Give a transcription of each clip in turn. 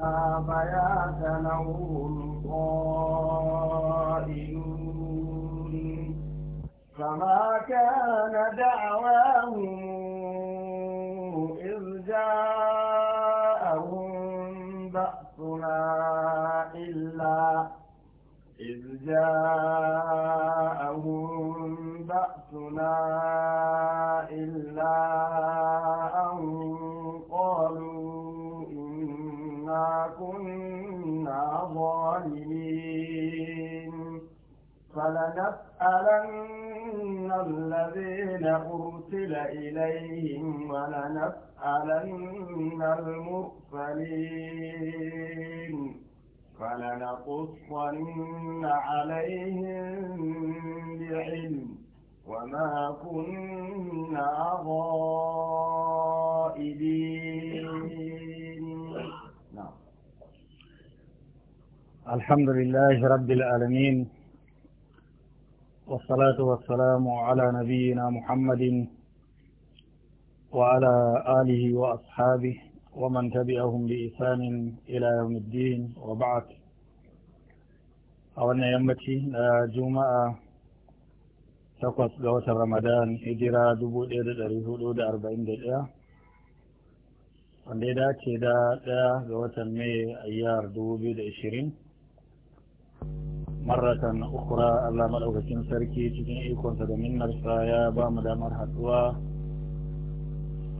فيها بياتا وهم قائلون فما كان دعواهم إذ جاءهم بأسنا إلا إذ جاءهم بأسنا إلا فلنسألن الذين أرسل إليهم ولنسألن المرسلين فلنقصن عليهم بعلم وما كنا غائبين نعم. الحمد لله رب العالمين والصلاة والسلام على نبينا محمد وعلى آله وأصحابه ومن تبعهم بإسان إلى يوم الدين وبعد أولنا يمتي آه، جمعة تقوى صلوة رمضان إجراء دبو إيدة الرسول دا أربعين دقيقة وندي دا كي دا دا المي أيار دبو بيد عشرين marratan ukura Allah maɗaukakin sarki cikin ikonsa da minnarsa ya ba mu damar haɗuwa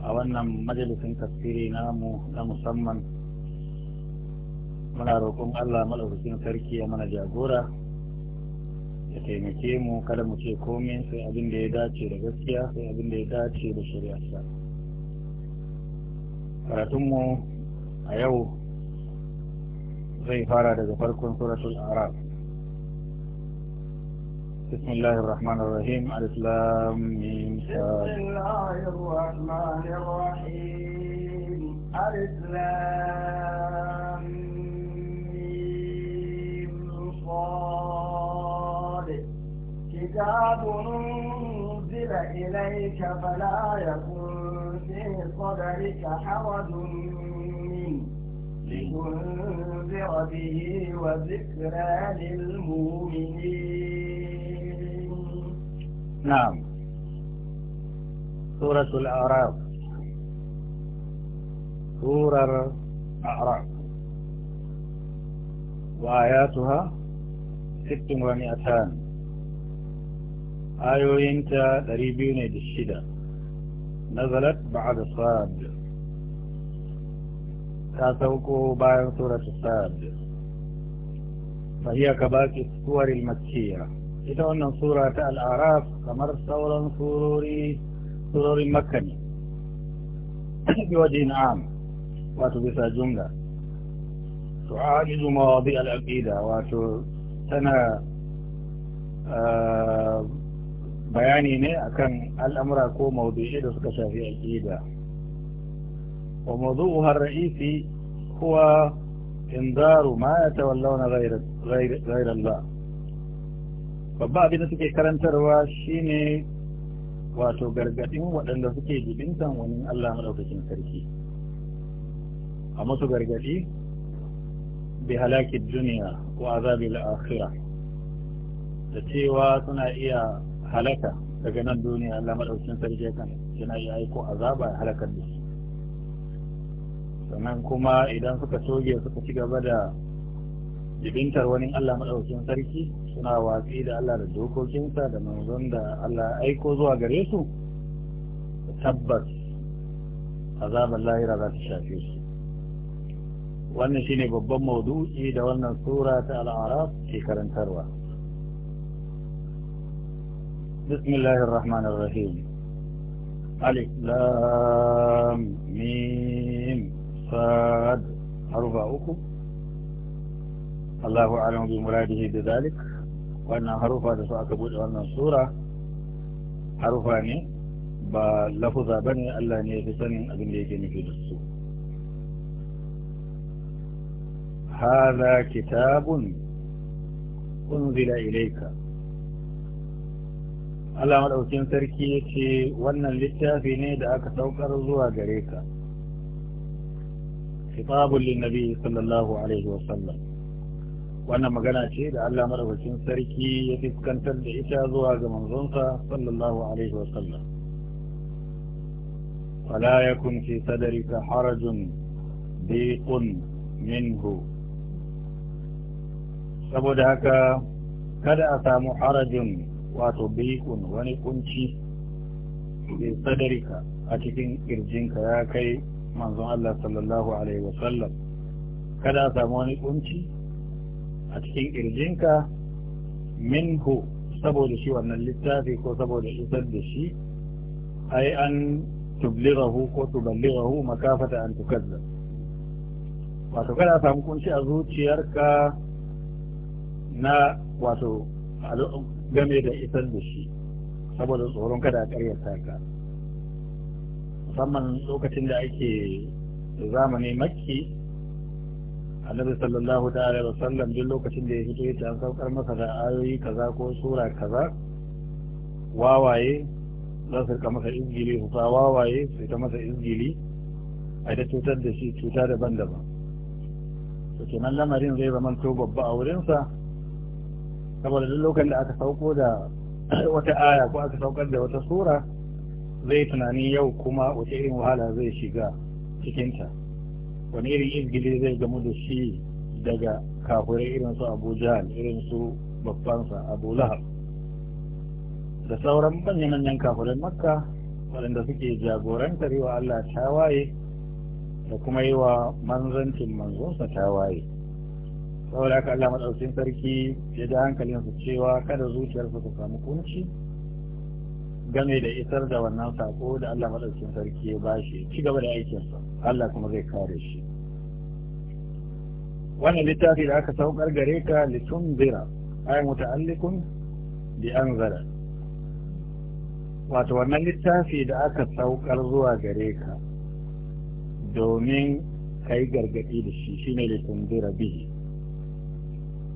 a wannan majalisin tafsiri namu na musamman muna roƙon Allah maɗaukakin sarki ya mana jagora ya taimake mu kada mu ce komai sai abin da ya dace da gaskiya sai abin da ya dace da shari'arsa karatunmu a yau zai fara daga farkon suratul araf بسم الله الرحمن الرحيم ألف لام ميم بسم الله الرحمن الرحيم ألف لام ميم صاد كتاب أنزل إليك فلا يكن في صدرك حرج لتنذر به وذكرى للمؤمنين نعم سورة الأعراف سورة الأعراف وآياتها ست ومئتان إنت دريبين بالشدة نزلت بعد الصاد تاسوكو باين سورة الصاد فهي كباقي السور المكية ita wannan sura ta al'araf kamar sauran surori surorin makka ne bi waje na'am wato bisa jumla to a izu mawadi al'aqida wato tana bayani ne akan al'amura ko maudu'i da suka shafi aqida wa mawdu'uha ar-ra'isi huwa indaru ma yatawallawna ghayra ghayra Allah babba abin da suke karantarwa shine wato gargadin waɗanda suke jibintan wani Allah maɗaukakin sarki a musu gargadi bi halaki duniya ko azabi akhira da cewa suna iya halaka daga nan duniya Allah maɗaukakin sarki kan yana iya aiko azaba ya halakar da su sannan kuma idan suka toge suka ci gaba da jibintar wani Allah maɗaukin sarki suna watsi da Allah da dokokinsa da manzon da Allah aiko zuwa gare su tabbas azabar lahira za ta shafe su wannan shine babban maudu'i da wannan sura ta al'araf ke karantarwa bismillahir rahmanir rahim alif lam mim sad uku Allahu a'lam bi muradihi da zalik wannan harufa da su aka bude wannan sura harufa ne ba lafuza bane Allah ne ya fi sanin abin da yake nufi da su هذا kitabun unzila ilayka Allah madaukin sarki ya ce wannan littafi ne da aka saukar zuwa gare ka. Kitabun linnabi sallallahu Alaihi wasallam. wannan magana ce da Allah madaukakin sarki ya fuskantar da ita zuwa ga manzonsa sallallahu alaihi wa sallam fala yakun fi sadarika harajun biqun minhu saboda haka kada a samu harajin wato biqun wani kunci fi sadarika a cikin kirjinka ya kai manzon Allah sallallahu alaihi wa sallam kada a samu wani kunci a cikin ƙirjinka minhu saboda shi wannan littafi ko saboda isar da shi ai an tublirahu ko tubalirahu makafata an tukazza wato kada samu kunci a zuciyarka na wato game da isar da shi saboda tsoron kada a karyata ka musamman lokacin da ake zamani makki annabi sallallahu ta'ala wa sallam duk lokacin da ya fito ya an saukar masa da ayoyi kaza ko sura kaza wawaye za su rika masa izgili hufa wawaye su ta masa izgili a da cutar da shi cuta daban-daban to kenan lamarin zai zama to babba a wurinsa saboda duk lokacin da aka sauko da wata aya ko aka saukar da wata sura zai tunani yau kuma wace irin wahala zai shiga cikinta wani irin izgili zai gamu da shi daga kafirai irin su abu jahal irin babbansa abu lahab da sauran manyan kafirai makka waɗanda suke jagorantar wa allah tawaye da kuma yi wa manzancin manzonsa tawaye saboda haka allah maɗaukin sarki ya ji hankalinsu cewa kada zuciyarsu su samu kunci game da isar da wannan sako da Allah madaukakin sarki ya bashi ci gaba da aikinsa Allah kuma zai kare shi wannan littafi da aka saukar gare ka litun litunzira ay muta'alliqun bi anzara wato wannan littafi da aka saukar zuwa gare ka domin kai gargadi da shi shine zira biyu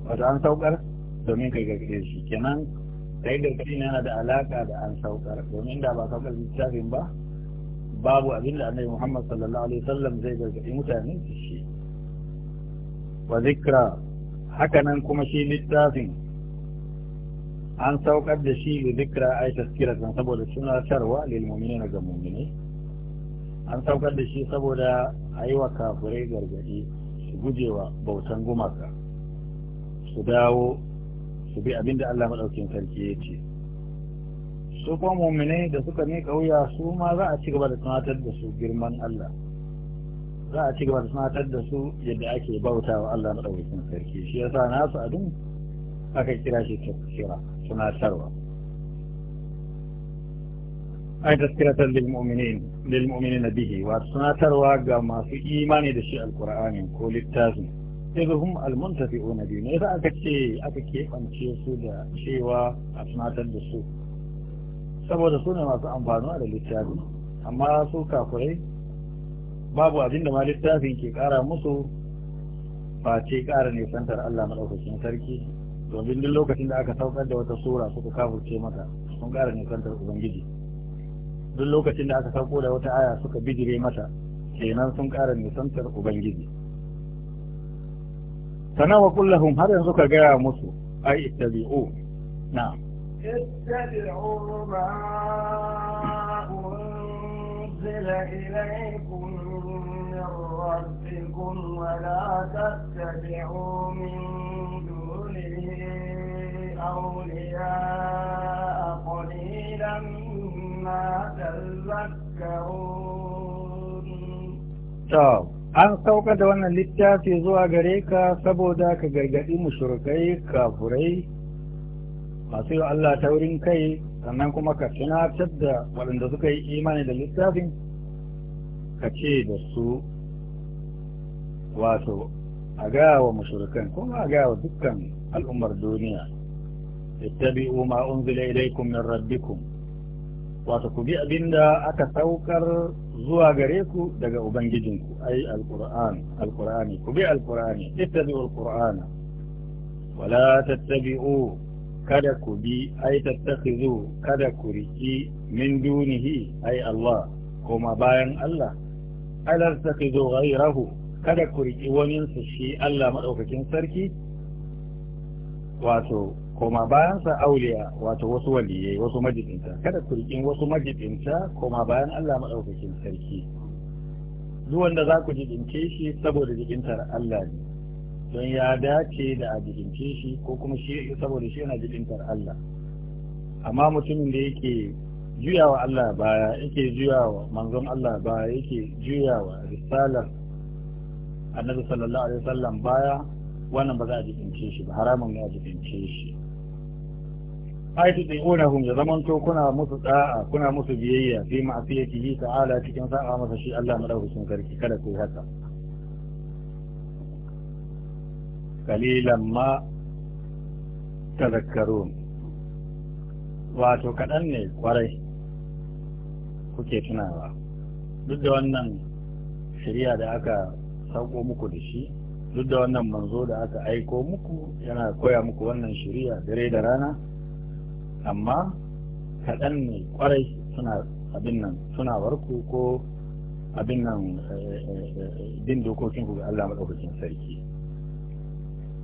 wato an saukar domin kai gargadi da shi kenan sai da kai yana da alaka da an saukar domin da ba saukar littafin ba babu abin da annabi Muhammad sallallahu alaihi wasallam zai gargaɗi mutane su shi wa zikra nan kuma shi littafin an saukar da shi da zikra ai kan saboda suna sharwa lil mu'minina ga mu'mini an saukar da shi saboda ayi wa kafirai gargaɗi su gujewa bautan gumaka su dawo su bi abinda Allah maɗaukin sarki ya ce su kuma da suka ne ƙauya su ma za a ci gaba da tunatar da su girman Allah za a ci gaba da tunatar da su yadda ake bautawa Allah maɗaukin sarki shi yasa nasu abin aka kira shi tafsira tunatarwa ai tazkiratan lil mu'minin lil mu'minin bihi wa tunatarwa ga masu imani da shi alqur'ani ko littafin irin almuntafi'una bi ne ba aka ce aka keɓance su da cewa a tunatar da su saboda su ne masu amfanuwa da littafi amma su kafurai babu abin da ma littafin ke ƙara musu ba ce ƙara santar Allah madaukakin sarki domin duk lokacin da aka saukar da wata sura suka kafurce mata sun ƙara santar ubangiji duk lokacin da aka sauko da wata aya suka bijire mata kenan sun ƙara santar ubangiji سنوى كلهم لهم هل ينزك جاء مسو أي اتبعوه نعم اتبعوا ما أنزل إليكم من ربكم ولا تتبعوا من دونه أولياء قليلا ما تذكرون طيب. an sauka da wannan littafi zuwa gare ka saboda ka gargaɗi mushrikai kafurai masu yi Allah ta wurin kai sannan kuma ka tunatar da waɗanda suka yi imani da littafin ka ce da su wato a gaya wa mushrikan kuma a gaya wa dukkan al'ummar duniya ittabi'u ma unzila ilaykum min rabbikum wato ku bi abinda aka saukar zuwa gare ku daga ubangijinku ai alqur'an alqur'ani ku bi alqur'ani ittabi'u alqur'ana wala tattabi'u kada ku bi ai tattakhizu kada ku riki min dunihi ai Allah kuma bayan Allah ala tattakhizu ghayrahu kada ku riki wani su shi Allah madaukakin sarki wato koma bayan sa auliya wato wasu waliyai wasu majibinta kada ku rikin wasu majibinta koma bayan Allah madaukakin sarki duk wanda za ku jibince shi saboda jibintar Allah ne don ya dace da a jibince shi ko kuma shi saboda shi yana jibintar Allah amma mutumin da yake juyawa Allah baya yake juyawa manzon Allah baya yake juyawa risalar annabi sallallahu alaihi wasallam baya wannan ba za a jibince shi ba haramun ne a jibince shi da yuna tsorahum ya zamanto kuna musu da'a kuna musu biyayya fi ma'asiyatihi ta'ala cikin sa'a masa shi Allah madaukakin karki kada ku haka kalilan ma tazakkarun wato kaɗan ne kwarai kuke tunawa duk da wannan shirya da aka sauko muku da shi duk da wannan manzo da aka aiko muku yana koya muku wannan shirya dare da rana amma kaɗan ne kwarai suna abin nan suna warku ko abin nan eh, eh, eh, bin dokokin ku ga Allah madaukakin sarki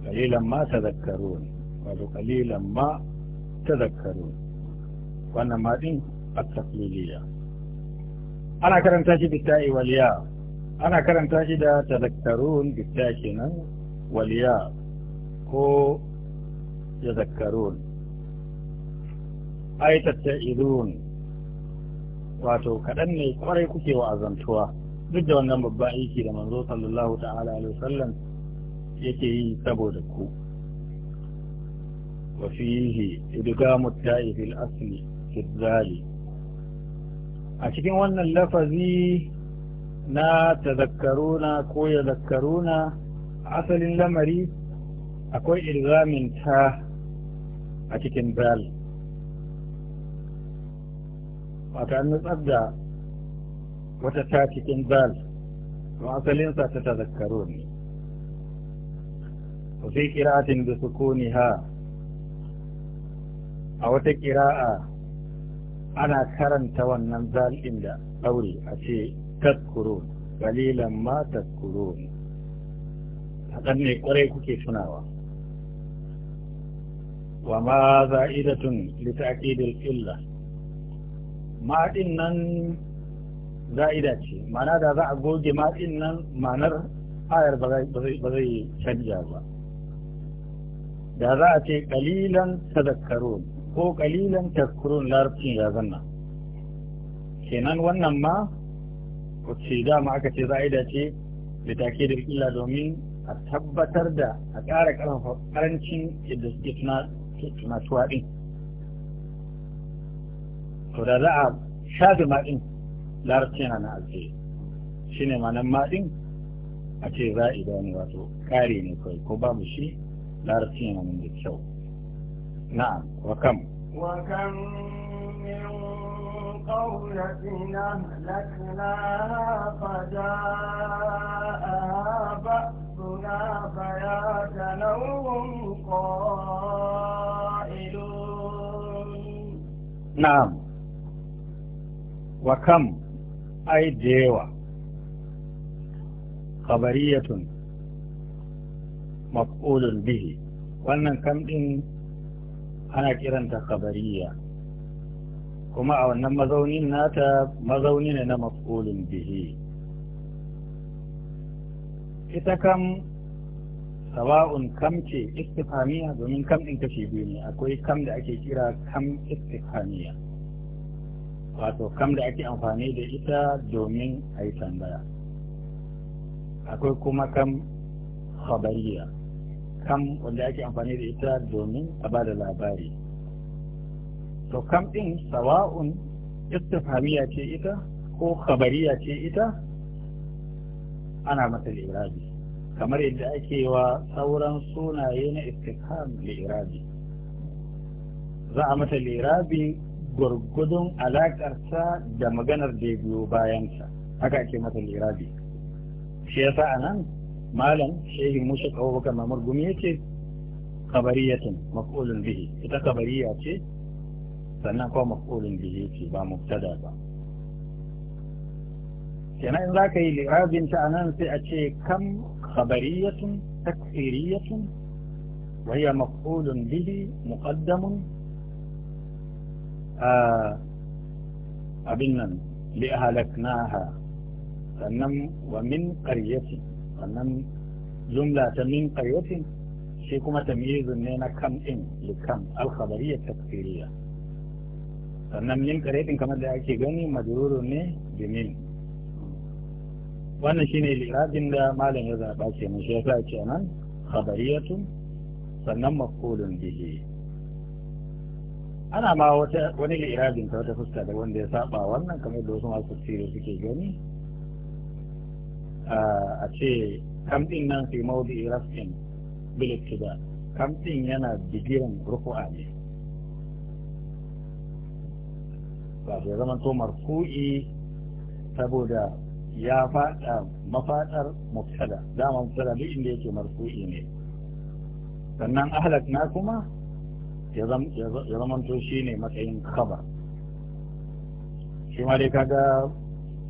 kalilan ma tazakkarun wato kalilan ma tazakkarun wannan ma din at-taqliliya ana karanta shi bitai waliya ana karanta shi da tazakkarun bitai kenan waliya ko zakkarun. ai tattaizun wato kaɗan ne kwarai kuke wa azantuwa duk da wannan babban aiki da manzo sallallahu ta'ala alaihi wasallam yake yi saboda ku wa fihi idgamu ta'i fil asli fi zali a cikin wannan lafazi na tazakkaruna ko ya zakkaruna asalin lamari akwai ilgamin ta a cikin dal wata an nutsar da wata ta cikin bal ma asalin sa ta tazakkaro ne ko sai kira'atin da suko ha a wata kira'a ana karanta wannan zal ɗin da ɗauri a ce tazkuro galilan ma tazkuro ne a ɗan ne ƙwarai kuke sunawa wa ma za'idatun litaƙidil illa maɗin nan za'ida ce ma'ana da za a goge maɗin nan ma'anar ayar ba zai canja ba da za a ce ƙalilan tazakkarun ko ƙalilan tazkurun larabcin ya zanna kenan wannan ma wacce dama aka ce za'ida ce da take da illa domin a tabbatar da a ƙara ƙarfafa ƙarancin yadda suke tunatuwa ɗin to da za a shafe maɗin, larabci yana na alfe shi ne manan maɗin, a ce za a ida wani wato kare ne kawai ko ba mu shi larabci yana nan da kyau na'am wa kam wa kam قولة أهلكناها بأسنا بياتا وهم قائلون نعم wa kam ai da yawa khabariyatun maf'ulun bihi wannan kam din ana kiranta khabariya kuma a wannan mazaunin nata mazauni ne na maf'ulun bihi ita kam sawa'un kam ce istifamiya domin kam din kashe biyu ne akwai kam da ake kira kam istifamiya wato kam da ake amfani da ita domin a yi tambaya akwai kuma kam habariya kam wanda ake amfani da ita domin a ba da labari to kam ɗin sawa'un istifhamiya ce ita ko habariya ce ita ana mata lirabi kamar yadda ake wa sauran sunaye na istifham lirabi za a mata lirabi gwargwadon alakarsa da maganar da ya biyo bayansa haka ake mata lirabi shi ya a nan malam shehi musa abubakar mamar gumi ce kabariyatin maf'ulun bihi ita kabariya ce sannan kuma maf'ulun bihi ce ba mubtada ba kenan in za ka yi lirabin ta anan sai a ce kam takfiriyatin takfiriyatun وهي مفعول bihi مقدم abin nan li halaknaha sannan wa min qaryati sannan jumla ta min qaryati shi kuma tamyizun ne na kam din li kam al khabariyya takfiriyya sannan min qaryatin kamar da ake gani majruru ne bi min wannan shine liradin da malam ya zaba mun shi yasa kenan khabariyatun sannan maf'ulun bihi ana ma wata wani irabin ta wata fuska da wanda ya saba wannan kamar da wasu masu tafsiri suke gani a ce kam din nan fi mawdi irafin bil ba kam yana bigiran rufu'a ne ba sai zama to marfu'i saboda ya faɗa mafadar mafsada dama mubtada duk inda yake marfu'i ne sannan ahlak na kuma ya zamanto shi ne matsayin kaba. shi ma dai kaga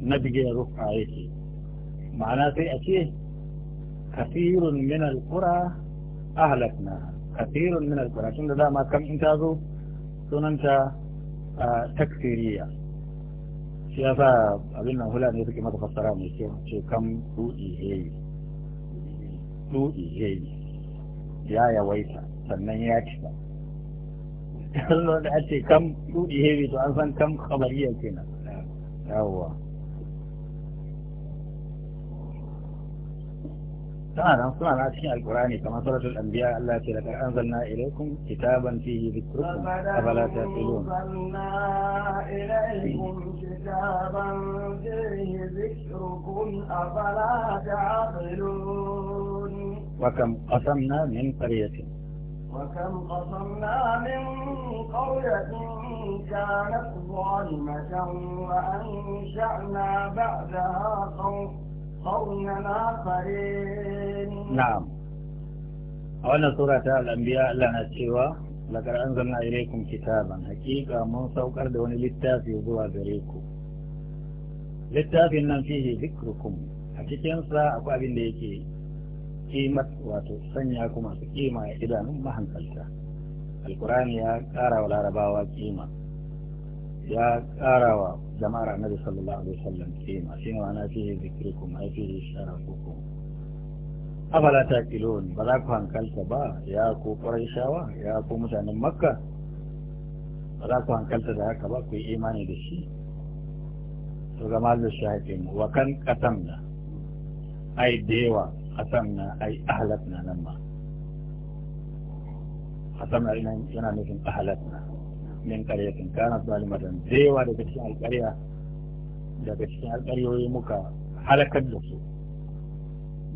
na bige rufa yake ma'ana sai a ce kafirun min alqura ahlakna kafirun min alqura tun da dama kam in ta zo sunanta takfiriya shi ya sa abin nan hula ne suke mata fassara mai kyau ce kam dudi ya yawaita sannan ya cika da a ce kam shuɗi hebe to an san kam khabariya kenan yawwa suna nan suna nan cikin alkurani kamar suratul anbiya Allah ce laqad anzalna ilaykum kitaban fihi dhikrukum afala taqilun وكم قسمنا من قرية وكم قصمنا من قرية كانت ظالمة وأنشأنا بعدها قرننا فرين نعم أولا سورة الأنبياء لنا سوى لقد أنزلنا إليكم كتابا حقيقة من سوكر دون للتافي زوى بريكم littafin nan fihi zikrukum a cikinsa akwai abin da yake ƙimar wato sanya kuma su ƙima ya idanun mahankalta alkurani ya ƙara wa larabawa ƙima ya ƙara wa jama'ar annabi sallallahu alaihi wasallam ƙima shi wa na fihi zikirkum ai fihi sharafukum afala taqilun ba za ku hankalta ba ya ku shawa, ya ku mutanen makka ba za ku hankalta da haka ba ku yi imani da shi to ga mallu shahikin wa kan qatamna ai dewa na ai na nan ma nan yana nufin na min karyatin kana zalimatan da yawa daga cikin alƙarya daga cikin alƙaryoyi muka halakar da su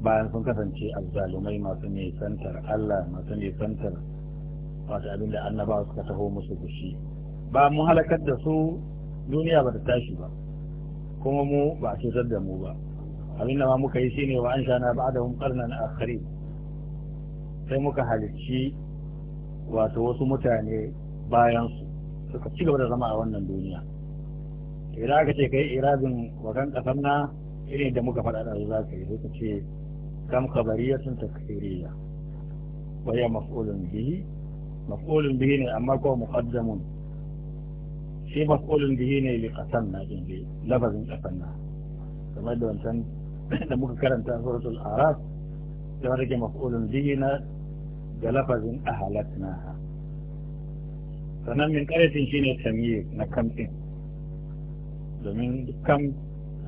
bayan sun kasance azzalumai masu nisantar Allah masu nisantar wato abin da annabawa suka taho musu gushi ba mu halakar da su duniya ba ta tashi ba kuma mu ba a cutar da mu ba abinda ma muka yi shine wa an shana ba'dahum qarnan akharin sai muka halicci wato wasu mutane bayan su suka ci gaba da zama a wannan duniya idan aka ce yi irabin wakan kasar na irin da muka faɗa da za ka yi suka ce kam kabariyatun takfiriya wa ya maf'ulun bihi maf'ulun bihi ne amma ko muqaddamun shi maf'ulun bihi ne li qasanna din bi lafazin qasanna kamar da wancan da muka karanta suratul araf da wanda ke maf'ulun bihi da lafazin ahalatnaha sannan min karatin shine tamyiz na kamfin domin kam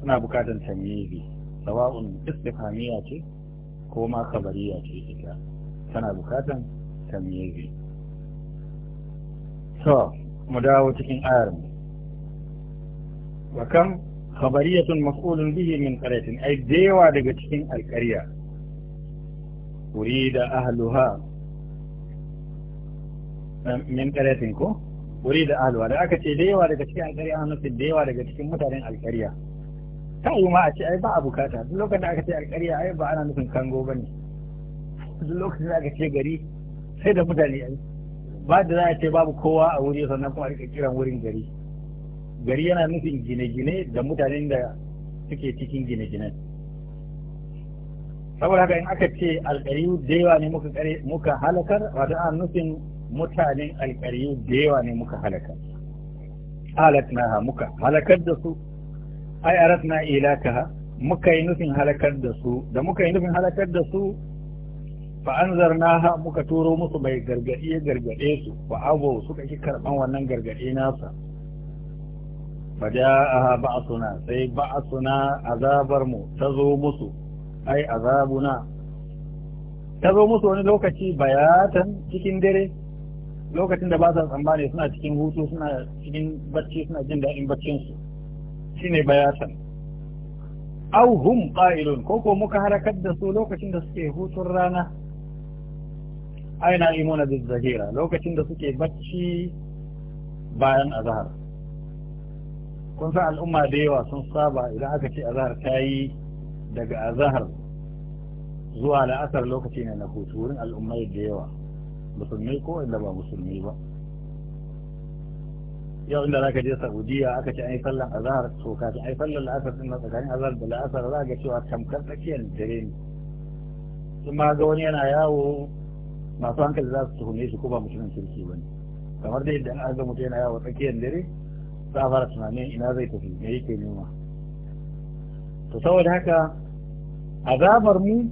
suna bukatan tamyizi sawa'un istifhamiya ce ko ma kabariya ce ita tana bukatan tamyizi so mu dawo cikin ayar mu wa kam khabariyatun mas'ulun bihi min qaryatin ai dewa daga cikin alqarya urida ahluha min qaryatin ko urida ahluha da aka ce dewa daga cikin alqarya an nufi dewa daga cikin mutanen alqarya ta yi ma a ce ai ba a bukata duk lokacin da aka ce alqarya ai ba ana nufin kango bane duk lokacin da aka ce gari sai da mutane ai ba da za a ce babu kowa a wuri sannan kuma a rika kiran wurin gari gari yana nufin gine-gine da mutanen da suke cikin gine-ginen saboda haka in aka ce alƙariyu da yawa ne muka halakar wato ana nufin mutanen alƙariyu da yawa ne muka halakar na muka halakar da su ai na ilakaha muka yi nufin halakar da su da muka yi nufin halakar da su fa ha muka turo musu bai gargaɗe gargaɗe su ba abu suka ki karɓan wannan gargaɗe nasa فجاءها بعثنا سي بعثنا عذابر مو تزو مسو أي عذابنا تزو musu وني لوكتي بياتا cikin dare? lokacin da ba sa tsammani suna cikin hutu suna cikin bacci suna jin daɗin baccinsu shine bayatan au hum qa'ilun ko ko muka harakar da su lokacin da suke hutun rana aina imuna bizzahira lokacin da suke bacci bayan azhar kun san al'umma da yawa sun saba idan aka ce azahar ta yi daga azahar zuwa la'asar lokaci ne na hutu wurin al'ummai da yawa musulmi ko inda ba musulmi ba yau inda za ka je saudiya aka ce an yi sallan azahar to kafin an yi sallan la'asar din tsakanin azahar da la'asar za ga cewa tamkar tsakiyar dare ne in ma ga wani yana yawo masu hankali za su tuhume shi ko ba mutumin kirki ba ne kamar dai yadda an ga mutum yana yawo tsakiyar dare za a fara tunanin ina zai tafi me yake nema to saboda haka azabar mu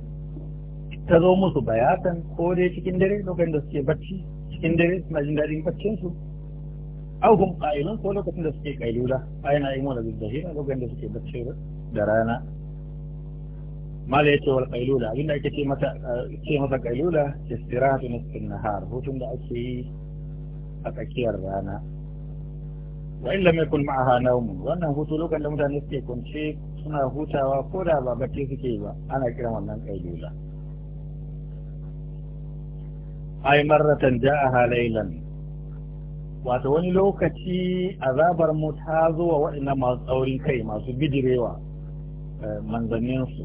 ta zo musu bayatan ko dai cikin dare lokacin da suke bacci cikin dare suna jin daɗin baccin su au ƙa'ilun ko lokacin da suke kailula ayna yin wala bizahira lokacin da suke bacci da rana mala ce wal qailula abinda ake ce mata ce mata qailula istirahatu nisfin nahar hutun da ake yi a tsakiyar rana wa illa mai kun ma'aha naumu wannan hutu lokacin da mutane suke kunce suna hutawa ko da ba bacci suke ba ana kiran wannan kailula ai marratan ja'aha laylan wato wani lokaci azabar mu ta zo wa masu tsaurin kai masu bidirewa eh, manzanninsu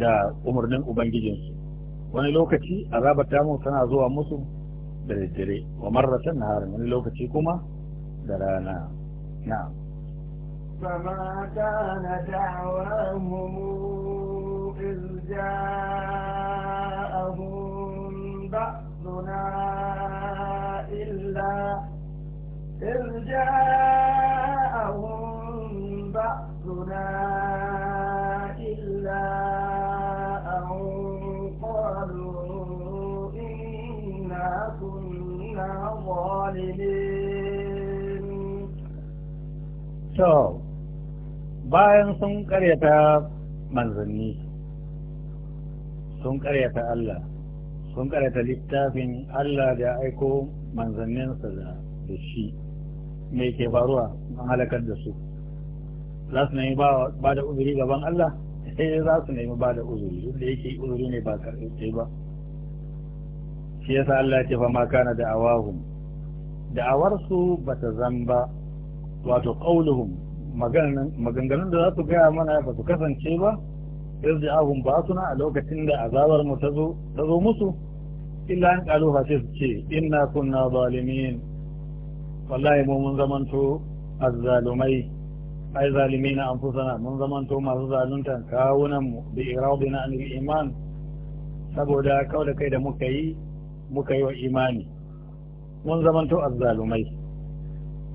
da umarnin ubangijinsu wani lokaci azabar ta mu tana zuwa musu da dare wa marratan nahar wani lokaci kuma نعم نعم فما كان دعواهم إذ جاءهم بأسنا إلا إذ جاءهم بأسنا إلا أن قالوا إنا كنا ظالمين to bayan sun karyata manzanni sun karyata Allah sun karyata littafin Allah da aiko manzanninsa da shi me ke faruwa an halakar da su za su nemi ba da uzuri gaban Allah sai eh, za su nemi ba da uzuri duk da yake uzuri ne ba karfe ba shi yasa Allah ya ce fa ma kana da awahum da'awarsu ba ta zan ba. wato qauluhum maganganun da za su gaya mana ba su kasance ba irji'ahum batuna a lokacin da azabar mu ta zo musu illa an qalu fa su ce inna kunna zalimin wallahi mu mun zamanto azzalumai ai zalimina anfusana mun zamanto masu zaluntan kawunan mu bi na an iman saboda kawai da kai da muka yi muka yi wa imani mun zamanto azzalumai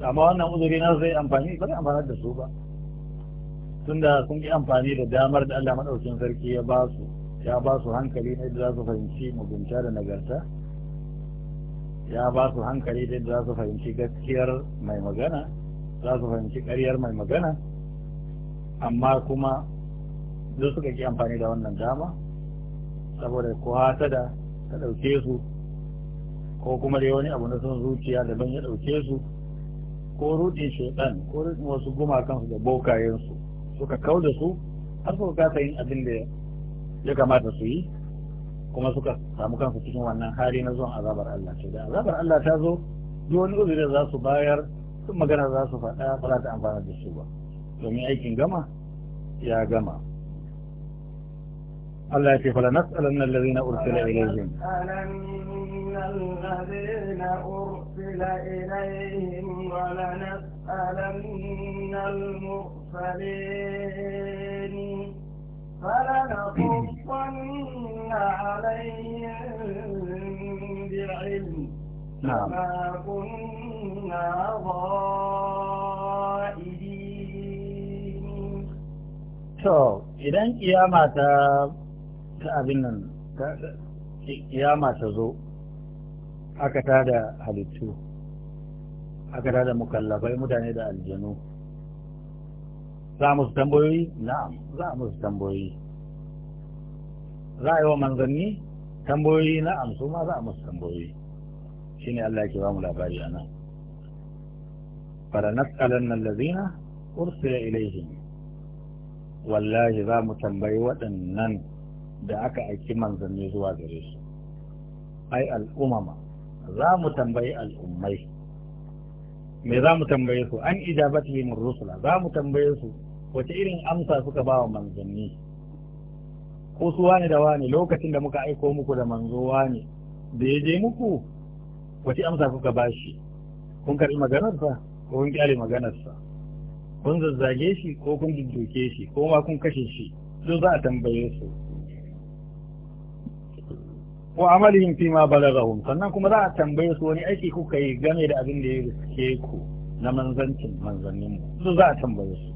amma wannan uzuri na zai amfani ba zai amfani da su ba Tun da sun yi amfani da damar da Allah maɗaukin sarki ya ba su ya ba su hankali ne da za su fahimci mugunta da nagarta ya ba su hankali da za su fahimci gaskiyar mai magana za su fahimci ƙaryar mai magana amma kuma duk suka ki amfani da wannan dama saboda kowa ta da ta ɗauke su ko kuma dai wani abu na son zuciya daban ya ɗauke su ko rudin shaitan ko rudin wasu gumakansu da bokayensu suka kau da su har suka kasa yin abin da ya kamata su yi kuma suka samu kansu cikin wannan hali na zuwan azabar Allah ce da azabar Allah ta zo duk wani uzuri za su bayar duk magana za su faɗa ba za ta amfana da su ba domin aikin gama ya gama Allah ya ce fala nas'alanna allazina ursila ilayhim من الذين أرسل إليهم ولنسألن المرسلين فلنقصن عليهم بعلم نعم. ما كنا ضائعين to idan kiyama ta ta abin nan kiyama ta zo aka tada halittu aka tada mukallafai mutane da aljanu za mu su tambayoyi na'am za mu su tambayoyi za a yi wa manzanni tambayoyi na'am su ma za mu su tambayoyi shine Allah ke ba mu labari ana fara nas'alanna ya ursila ilaihim wallahi za mu tambayi waɗannan da aka aiki manzanni zuwa gare su ai al'umama za mu tambayi al'ummai me za mu tambaye su an ijabati min rusula za mu tambaye su wace irin amsa suka ba wa manzanni ko su wani da wani lokacin da muka aiko muku da manzo wani da ya je muku wace amsa kuka ba shi kun karɓi maganarsa ko kun kyale maganarsa kun zazzage shi ko kun jijjoke shi ko ma kun kashe shi su za a tambaye su wa amalihim fi ma balagahum sannan kuma za a tambaye su wani aiki kuka yi game da abin da ya riske ku na manzancin manzannin mu su za a tambaye su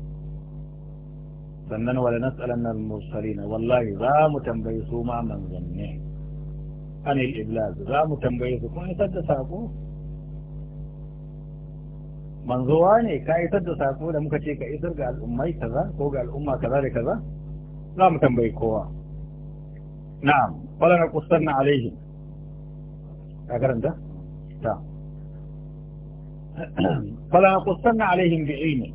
sannan wala nas'alan al mursalin wallahi za mu tambaye su ma manzanni anil iblaz za mu tambaye su kun isar da sako manzowa ne ka isar da sako da muka ce ka isar ga al'ummai kaza ko ga al'umma kaza da kaza za mu tambayi kowa na'am wala na kusanna alaihim a karanta ta fala na kusanna alaihim bi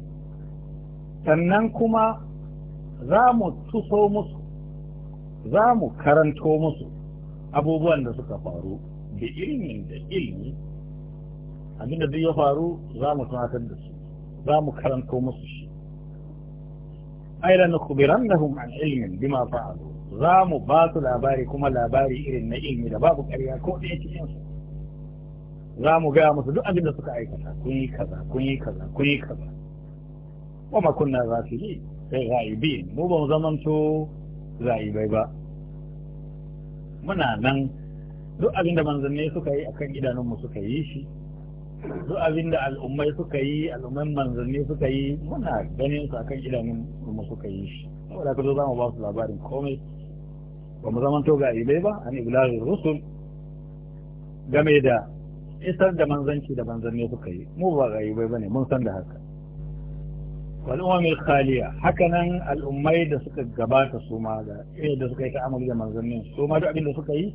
sannan kuma za mu tuso musu za mu karanto musu abubuwan da suka faru da ilmin da ilmi abinda faru za mu tunatar da su za mu karanto musu shi aila na kubiran da an ilmin bima fa'alu za mu ba su labari kuma labari irin na ilmi da babu ƙarya ko ɗaya cikin su za mu gaya musu duk abin da suka aikata kun yi kaza kun yi kaza kun yi kaza wa ma kunna za su yi sai za yi biyu mu ba mu zamanto bai ba muna nan duk abin da manzanni suka yi akan idanun mu suka yi shi duk abin da al'ummai suka yi al'umman manzanni suka yi muna ganin su akan mu suka yi shi saboda ka zo za mu ba su labarin komai ba mu zamanto ga ilai ba an iblaghir rusul game da isar da manzanci da manzanni suka yi mu ba ga ilai bane mun san da haka wal umamil khaliya nan al'ummai da suka gabata su ma da eh da suka yi ta'amuli da manzannin su ma duk abin da suka yi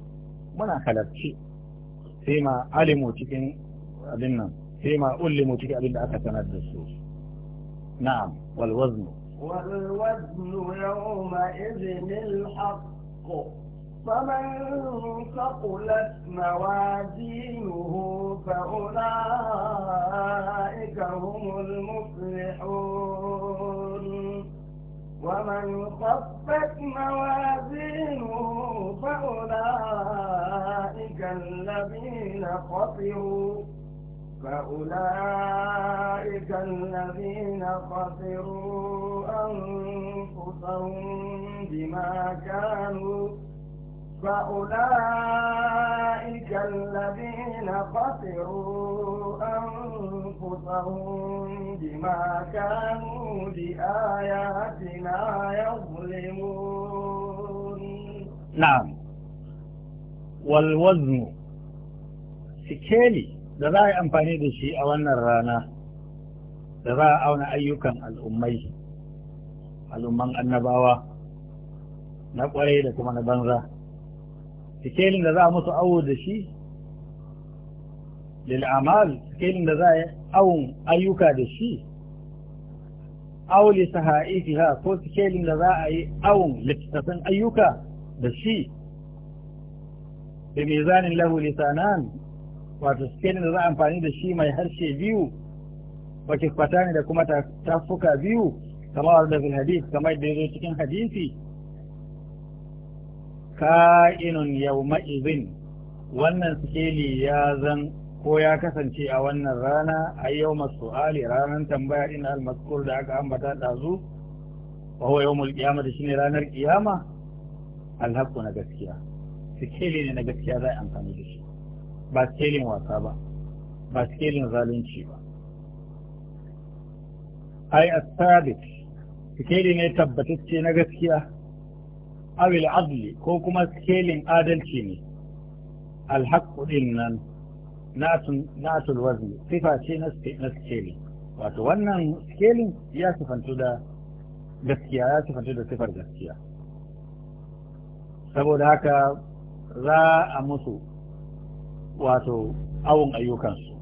muna halarci sai ma alimu cikin abin nan sai ma ullimu cikin abin da aka sanar da su na'am wal waznu والوزن يومئذ الحق فمن ثقلت موازينه فأولئك هم المفلحون ومن خفت موازينه فأولئك الذين خسروا فأولئك الذين خسروا أنفسهم بما كانوا فأولئك الذين خسروا أنفسهم بما كانوا بآياتنا يظلمون نعم والوزن سكالي da za a yi amfani da shi a wannan rana da za a auna ayyukan al'ummai al'umman annabawa na ƙwarai da kuma na banza sikelin da za a musu awo da shi lil'amal sikelin da za a yi awon ayyuka da shi auli ha ko sikelin da za a yi awon littattafan ayyuka da shi bi mizanin lahu lisanan wato skenin da za a amfani da shi mai harshe biyu wa ne da kuma tafuka biyu kamar da fil hadis kamar da yazo cikin hadisi ka'inun yau izin wannan skeli ya zan ko ya kasance a wannan rana a yau masu ali ranar tambaya ina almaskur da aka ambata ɗazu wa huwa yau mulkiyama da shine ranar kiyama Alhaku na gaskiya skeli ne na gaskiya za a amfani da shi ba skelin wasa ba ba skelin zalunci ba ai asabit skeli ne tabbatacce na gaskiya awil adli ko kuma skelin adalci ne alhaqu din nan natul wazni sifa ce na skeli wato wannan skelin ya sifantu da gaskiya ya sifantu da sifar gaskiya saboda haka za a musu wato awon ayyukansu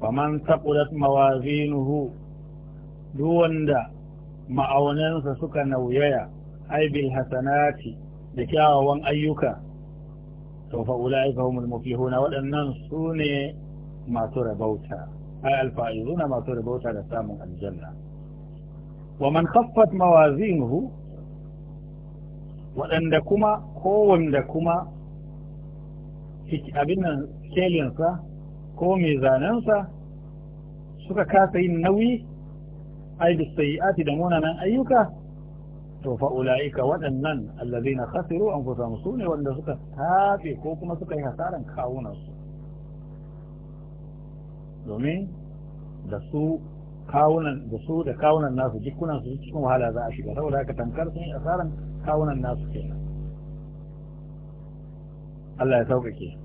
faman taqulat mawazinuhu duk wanda ma'aunansa suka nauyaya ai bil hasanati da kyawawan ayyuka to fa ulaika humul muflihuna waɗannan su ne masu rabauta ai alfa'izuna masu rabauta da samun aljanna wa man khaffat mawazinuhu waɗanda kuma ko wanda kuma abin nan kelinsa ko mai zanensa suka kasa yin nauyi ai da sayi'ati da munanan ayyuka to fa waɗannan allazi na khasiru an kusa su ne wanda suka tafe ko kuma suka yi hasaran kawunansu domin da su kawunan da su da kawunan nasu jikunan su cikin wahala za a shiga saboda haka tamkar sun yi asaran kawunan nasu kenan Allah ya sauƙaƙe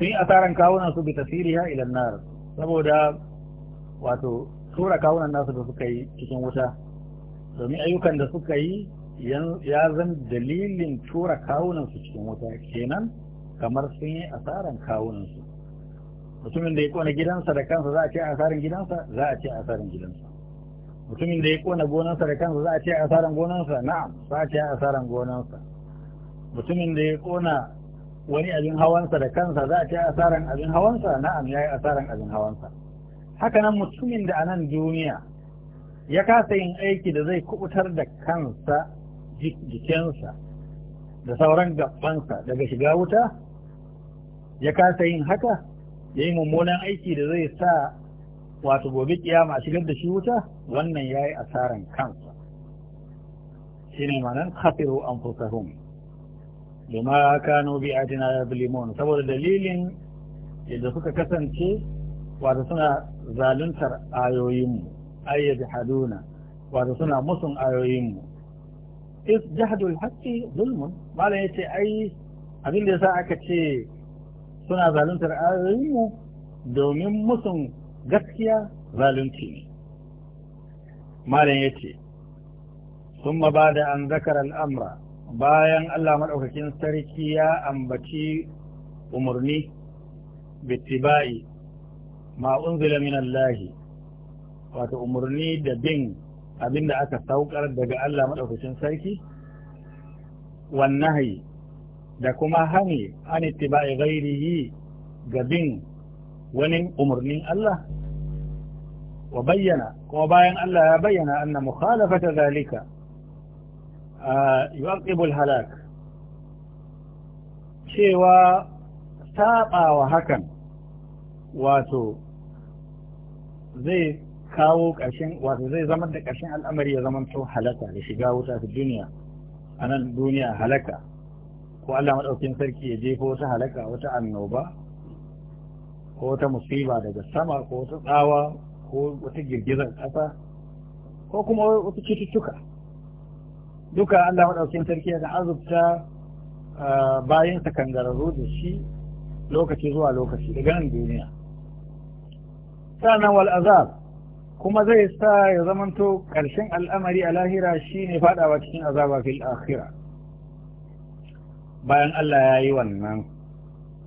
sun yi asaran kawunan su bi tasiriha ilan nar saboda wato tura kawunan nasu da suka yi cikin wuta domin ayyukan da suka yi ya zan dalilin tura kawunan su cikin wuta kenan kamar sun yi asarar kawunan su mutumin da ya kona gidansa da kansa za a ce asarin gidansa za a ce asarin gidansa mutumin da ya kona gonansa da kansa za a ce asaran gonansa na'am za a ce asaran gonansa mutumin da ya kona wani abin hawansa da kansa za a ce asaran abin hawansa na'am ya yi asaran abin hawansa haka nan mutumin da a nan duniya ya kasa yin aiki da zai kubutar da kansa jikinsa da sauran gabansa daga shiga wuta ya kasa yin haka ya yi mummunan aiki da zai sa wato gobe kiyama a shigar da shi wuta wannan ya yi asaran kansa shine manan khasiru anfusahum bima kanu bi atina yadlimun saboda dalilin yadda suka kasance wato suna zaluntar ayoyinmu ayyadi haduna wato suna musun ayoyinmu is jahdul haqqi zulmun malam yace ai abin da yasa aka ce suna zaluntar ayoyinmu domin musun gaskiya zalunci ne malam yace ثم بعد أن ذكر الأمر bayan Allah maɗaukakin sarki ya ambaci umarni bittiba'i ma'un min Allahi wato umarni da bin abinda aka saukar daga Allah maɗaukakin sarki wannahi da kuma hani an ittiba'i ghairihi ga bin wani umarnin Allah wa bayyana kuma bayan Allah ya bayyana anna mukhalafata zalika yu'aqibul halak cewa saɓawa hakan wato zai kawo ƙarshen wato zai zama da ƙarshen al'amari ya zama to halaka da shiga wuta ta duniya a nan duniya halaka ko Allah maɗaukin sarki ya jefa wata halaka wata annoba ko wata musiba daga sama ko wata tsawa ko wata girgizar ƙasa ko kuma wata cututtuka duka Allah maɗaukin sarki da azubta bayan sa kangararru da shi lokaci zuwa lokaci daga nan duniya sanan wal azab kuma zai sa ya zamanto ƙarshen al'amari a lahira shine faɗawa cikin azaba fil akhira bayan Allah ya yi wannan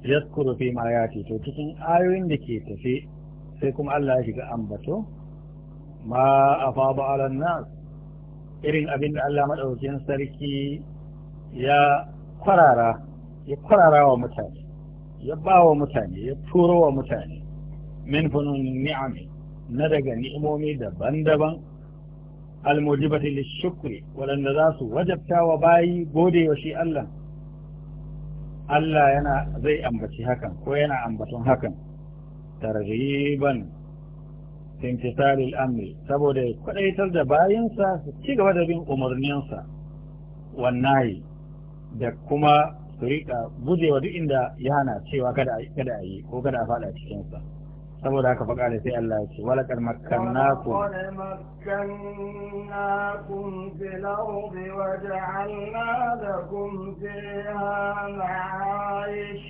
yaskuru fi ma to cikin ayoyin da ke tafe sai kuma Allah ya shiga ambato ma afaba ala irin abin da Allah maɗaukin sarki ya kwarara ya kwarara wa mutane ya ba wa mutane ya turo wa mutane min funun ni'ami na daga ni'imomi daban-daban almujibati lishukri waɗanda za su wajabta wa bayi gode wa shi Allah Allah yana zai ambaci hakan ko yana ambaton hakan tarjiban intisaril amri saboda ya kwadaitar da bayansa su ci gaba da bin umarninsa wannayi da kuma su rika gujewa duk inda ya cewa kada a yi ko kada a fada cikin cikinsa saboda haka fa da sai Allah ya ce wala kar makkannaku makkannakum fil ardi wa lakum fiha ma'ish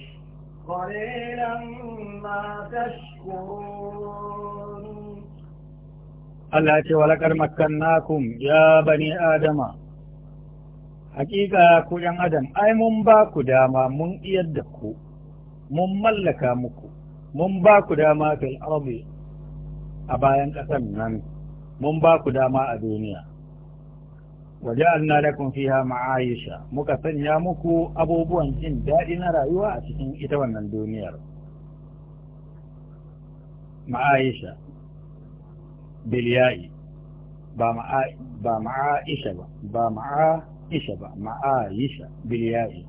tashkurun Allah ce walakar nakun ya bani adama hakika ku ɗan adam ai mun ba ku dama mun iyar da ku mun mallaka muku mun ba ku dama fil arzi a bayan ƙasan nan mun ba ku dama a duniya Waje waja'alna lakum fiha ma'ayisha muka sanya muku abubuwan jin daɗi na rayuwa a cikin ita wannan duniyar ma'aisha. bilya'i ba ma ba ba isha ba isha bilya'i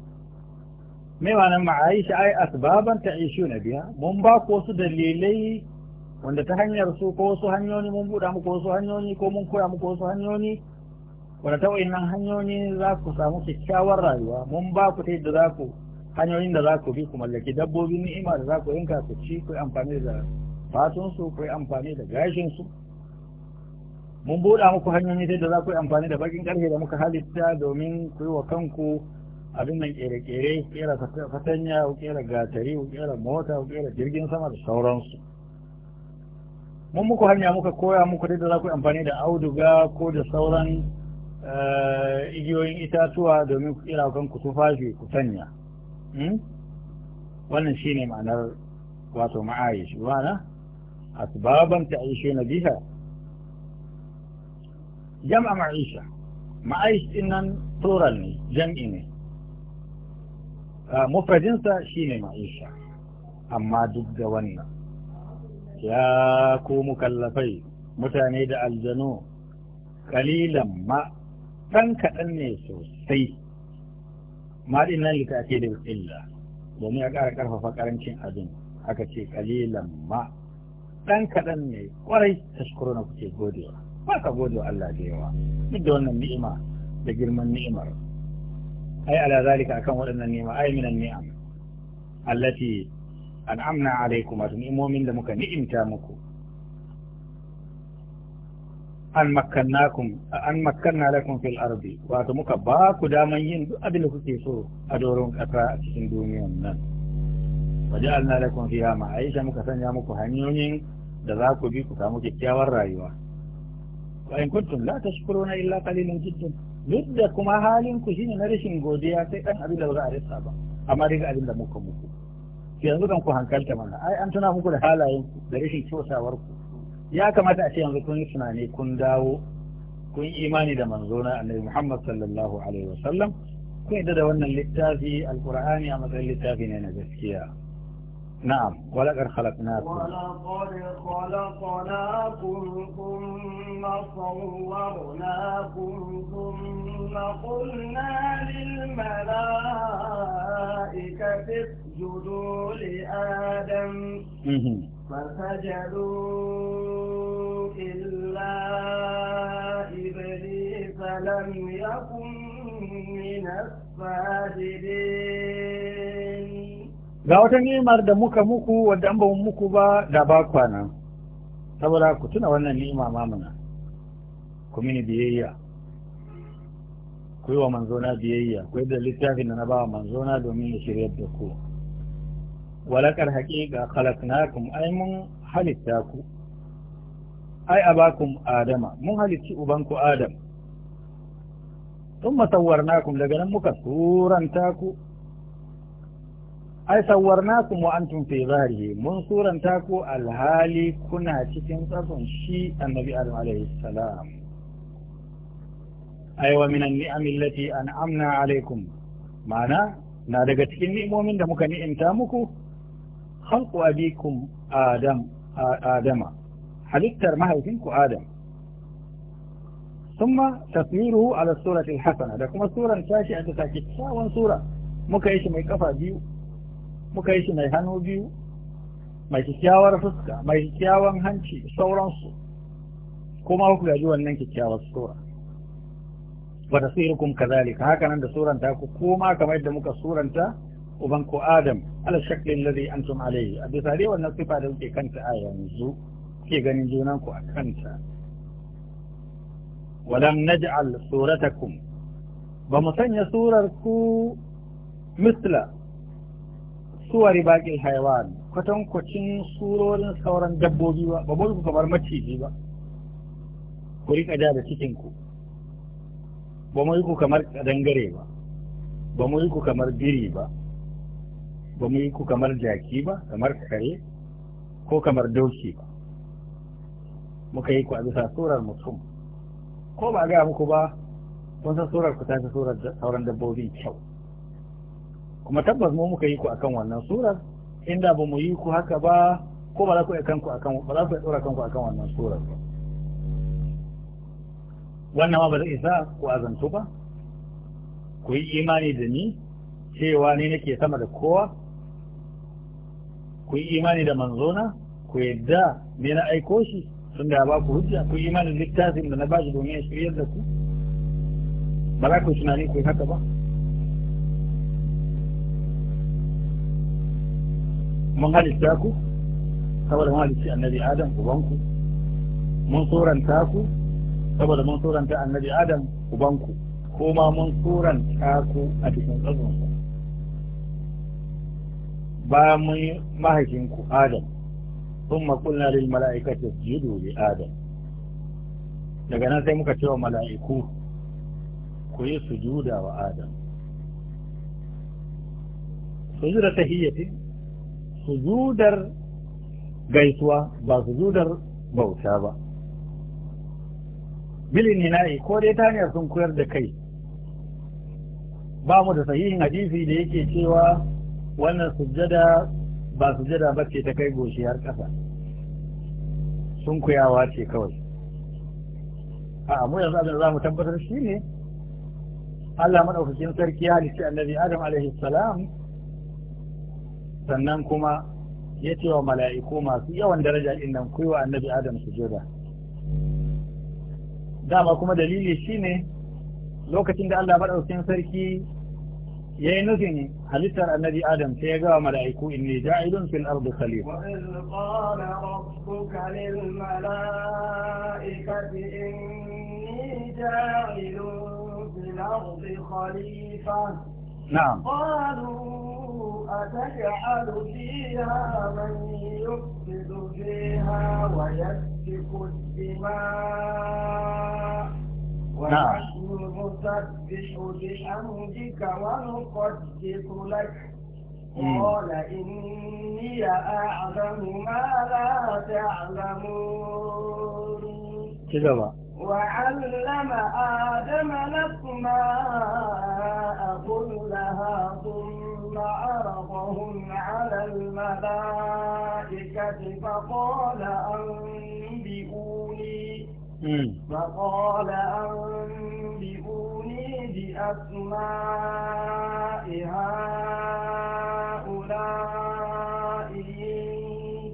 mai wannan isha ai asbaban ta ishu na biya mun ba ku wasu dalilai wanda ta hanyar su ko wasu hanyoyi mun buɗa muku wasu hanyoyi ko mun koya muku wasu hanyoyi wanda ta nan hanyoyi za ku samu kyakkyawar rayuwa mun ba ku ta yadda za ku hanyoyin da za ku bi ku mallaki dabbobin ni'ima da za ku yanka ku ci ku amfani da fatunsu ku yi amfani da gashinsu mun buɗa muku hanyoyi da za ku yi amfani da bakin ƙarfe da muka halitta domin ku yi wa kanku abin nan ƙere-ƙere ƙera fatanya ƙera gatari ƙera mota ƙera jirgin sama da sauransu mun muku hanya muka koya muku da za ku yi amfani da auduga ko da sauran eh, igiyoyin itatuwa domin ku ƙera kanku tufafi ku sanya hmm? wannan shine ma'anar wato ma'ayish wana asbaban ta'ishuna biha jam'a ma'isha ma'aish din nan plural ne jam'i ne ah, mufradinsa shine ma'isha amma duk da wannan ya ku mukallafai mutane da aljanu kalilan ma ɗan kaɗan ne sosai ma ɗin ake da illa domin ya ƙara ƙarfafa karancin abin aka ce kalilan ma ɗan kaɗan ne kwarai tashkuru na kuke godewa ba ka gode wa Allah da yawa duk da wannan ni'ima da girman ni'imar ai ala zalika akan waɗannan ni'ima ai minan ni'am allati an'amna alaikum wato ni'imomin da muka ni'imta muku an makkannakum an makkanna lakum fil ardi wato muka ba ku daman yin duk abin da kuke so a doron ƙasa a cikin duniyar nan ja'alna lakum fiha ma'aisha muka sanya muku hanyoyin da za ku bi ku samu kyakkyawar rayuwa wa in kuntum la tashkuruna illa qalilan jiddan duk da kuma halin ku shine na rashin godiya sai dan abin da ba za a rasa ba amma dai ga abin da muka muku yanzu kan ku hankalta mana ai an tuna muku da halayen da rashin kyautawar ku ya kamata a ce yanzu kun yi tunani kun dawo kun imani da manzo na annabi Muhammad sallallahu alaihi wasallam kun da wannan littafi alqur'ani a matsayin littafi ne na gaskiya نعم ولقد خلقناكم ولقد خلقناكم ثم صورناكم ثم قلنا للملائكة اسجدوا لآدم فسجدوا إلا إبليس لم يكن من الساجدين ga wata ni'imar da muka muku wadda an bamu muku ba da ba kwana saboda ku tuna wannan ni'ima mamuna ku mini biyayya ku yi wa manzona biyayya ku yi da littafin da na ba wa manzona domin ya shirya da ku walakar haƙiƙa khalaqnakum ai mun halitta ku ai abakum adama mun halicci ubanku adam sun masawar nakum daga nan muka suranta ku ai sawwarnakum wa antum fi zahiri mun suranta ku alhali kuna cikin tsakon shi annabi adam alaihi salam ai wa minan ni'am allati an'amna alaikum ma'ana na daga cikin ni'imomin da muka ni'imta muku khalqu abikum adam adama halittar mahaifinku adam ثم تصويره على da kuma suran tashi a cikin أنت sura muka yi shi mai kafa biyu. muka yi shi mai hannu biyu mai kyakkyawar fuska mai kyakkyawan hanci sauransu kuma ku gaji wannan kyakkyawar sura wa tasirukum kadhalika haka nan da suranta ku kuma kamar yadda muka suranta uban ku adam ala shaklin ladhi antum alayhi a bisa dai wannan sifa da kuke kanta a yanzu kuke ganin junan ku a kanta walam naj'al suratakum ba mu sanya surar ku misla suwari baƙin haiwan kwatankwacin surorin sauran dabbobi ba ba mulku kamar maciji ba ku riƙa da da cikinku ba mu yi ku kamar dangare ba ba mu yi ku kamar biri ba ba mu yi ku kamar jaki ba kamar kare ko kamar doki ba muka yi ku a bisa surar mutum ko ba ga muku ba kun san surar ku ta fi surar sauran dabbobi kyau kuma tabbas mu muka yi ku akan wannan surar inda ba mu yi ku haka ba ko ba za ku yi kanku akan ba za ku tsora kanku akan wannan surar ba wannan ma ba zai isa ku azantu ba ku yi imani da ni cewa ni nake sama da kowa ku yi imani da manzona ku yadda me na aiko shi tun da ba ku hujja ku yi imani da littafin da na shi domin ya shirya da ku ba za ku tunani ku yi haka ba mun halitta ku saboda mun halitta annabi adam ubanku mun tsoranta ku saboda mun tsoranta annabi adam ubanku ko ma mun tsoranta ku a cikin ku. bayan mun yi ku adam sun makulna lil mala'ikata sujudu li adam daga nan sai muka ce wa mala'iku ku yi sujuda wa adam sujuda tahiyyati sujudar gaisuwa ba sujudar bauta ba na na'i ko dai ta hanyar sun koyar da kai ba mu da sahihin hadisi da yake cewa wannan sujada ba sujada ba ce ta kai goshi har ƙasa sun kuyawa ce kawai a mu yanzu abin za mu tabbatar shi ne Allah maɗaukakin sarki ya halitta annabi Adam alaihi salam sannan kuma ya ce wa mala'iku masu yawan daraja innan ku wa annabi adam su joda dama kuma dalili shine lokacin da Allah maɗaukin sarki ya yi nufin halittar annabi adam sai ya gawa mala'iku ja'ilun fil khalifa wa in qala ja'ilun fil نعم قالوا أتجعل فيها من يفسد فيها ويسفك الدماء ونحن نسبح بحمدك ونقدس لك قال إني أعلم ما لا تعلمون كذا وعلم آدم الأسماء كلها ثم عرضهم على الملائكة فقال أنبئوني فقال أنبئوني بأسماء هؤلاء إن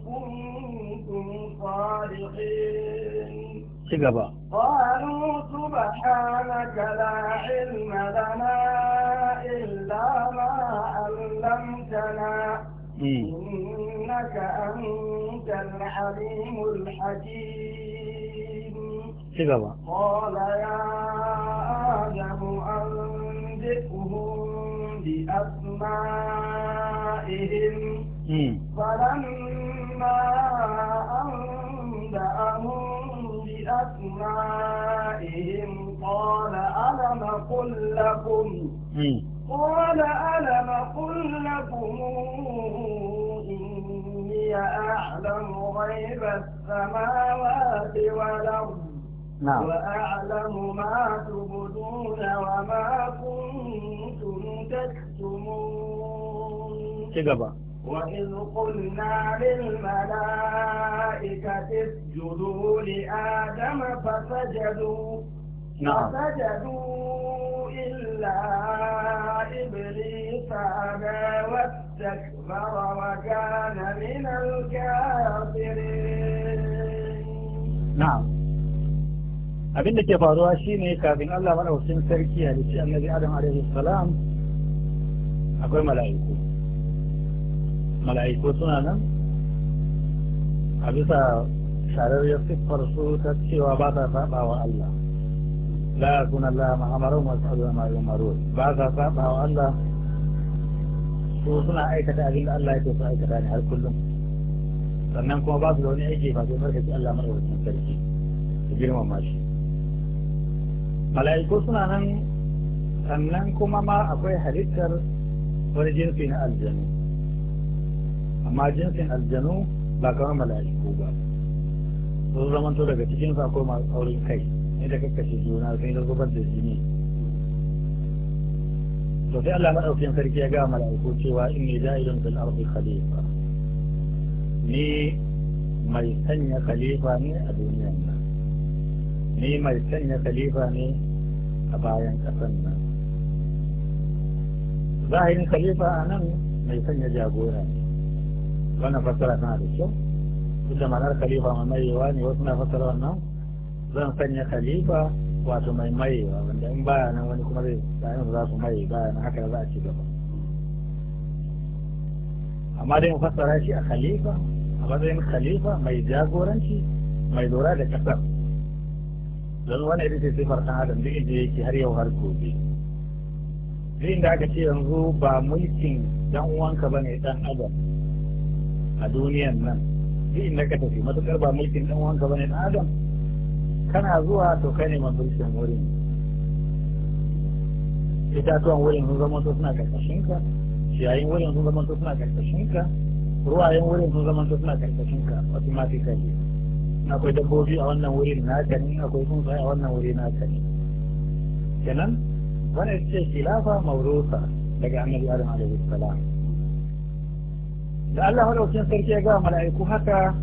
كنتم صادقين قالوا سبحانك لا علم لنا إلا ما علمتنا إنك أنت الحليم الحكيم إيه قال يا آدم أنبئهم بأسمائهم فلما أنبأهم بأسمائهم قال ألم أقل لكم قال ألم أقل لكم إني أعلم غيب السماوات والأرض نعم. وأعلم ما تبدون وما كنتم تكتمون وإذ قلنا للملائكة اسجدوا لآدم فسجدوا نعم. فسجدوا إلا إبليس أبى واستكبر وكان من الكافرين نعم أبين abin da ke faruwa shi ne kafin Allah mana sarki halicci annabi Adam a.s. أقول mala'iku mala'iku suna nan a bisa shararriyar siffar su ta cewa ba ta saba wa Allah la kuna la ma'amaran wasu abuwa mai umaru ba ta saba wa Allah su suna aikata abin da Allah ke su aikata ne har kullum sannan kuma ba su da wani aiki ba sai ci Allah wasu sarki su girmama shi mala'iku suna nan sannan kuma ma akwai halittar wani jinsi na aljanu اما جنس الجنو لا كان ملاج كوبا هو زمان تو دغه تجين ساكو ما اورين كاي ني دغه كشي جونا سين دغه بد ديني تو في الله ما او كان فريكي اغا ملاج كو اني دائر في الارض خليفه ني ماي سنيا خليفه ني ادونيا ني ماي سنيا خليفه ني ابايان كسن ظاهرين خليفه انا ماي سنيا جاغورا ني wannan fassara tana da kyau duk da ma'anar khalifa mai mayewa ne wasu na fassara wannan zan sanya khalifa wato mai mayewa wanda in baya nan wani kuma zai tsayin za su maye baya nan haka za a ci gaba amma dai fassara shi a khalifa a matsayin khalifa mai jagoranci mai lura da kasar don wani irin sai sifar ɗan adam duk inda yake har yau har gobe duk inda aka ce yanzu ba mulkin dan uwanka bane dan adam a duniyan nan duk inda ka tafi matukar ba mulkin dan wanka bane dan adam kana zuwa to kai ne mulkin wurin itatuwan wurin sun zama to suna karkashin ka ciyayin wurin sun zama to suna karkashin ka ruwayen wurin sun zama to suna karkashin ka automatically akwai dabbobi a wannan wurin na ne akwai tsuntsaye a wannan wurin na ne kenan wannan ce khilafa maurusa daga annabi adam alaihi salam da Allah madaukin sarki ya ga mala'iku haka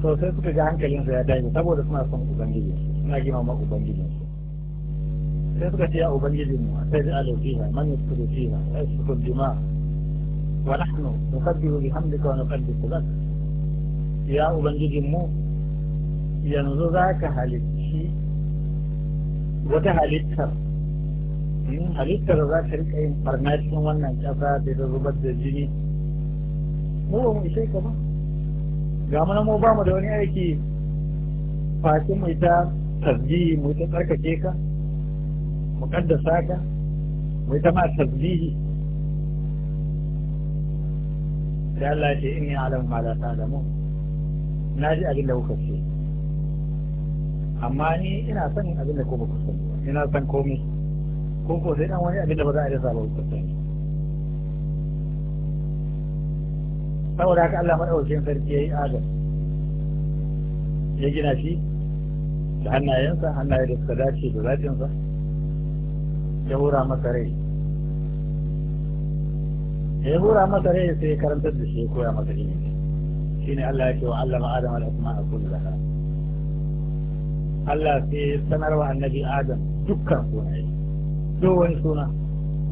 sosai suka ga hankalinsa ya dage saboda suna son ubangiji suna ma ubangijin su sai suka ce ya ubangiji mu sai da alaufiha man yaskutu fiha wa yaskutu dima wa nahnu nukabbiru wani wa nuqaddisu lak ya ubangijin mu yanzu za ka halicci wata halittar halittar za ta rika yin farna cikin wannan ƙasa da ta zubar da jini mu ba mu ishe ka ba ga mu mu ba mu da wani aiki fashin mu ta tasbihi mu ta tsarkake ka mu kaddasa ka mu ta ma tasbihi da Allah ce yi alam ma da ta'lamu na ji abin da kuka ce amma ni ina sanin abin da kuma kusa ina san komai ko ko sai dan wani abin da ba za a rasa ba saboda haka Allah madaukakin sarki yayi adam ya gina shi da hannayensa hannaye da suka dace da zafinsa. ya hura masa rai ya hura masa rai sai ya karantar da shi ya koya masa ilimi shine Allah ya ce wa allama da al a kullaha Allah sai sanarwa annabi Adam dukkan sunaye duk wani suna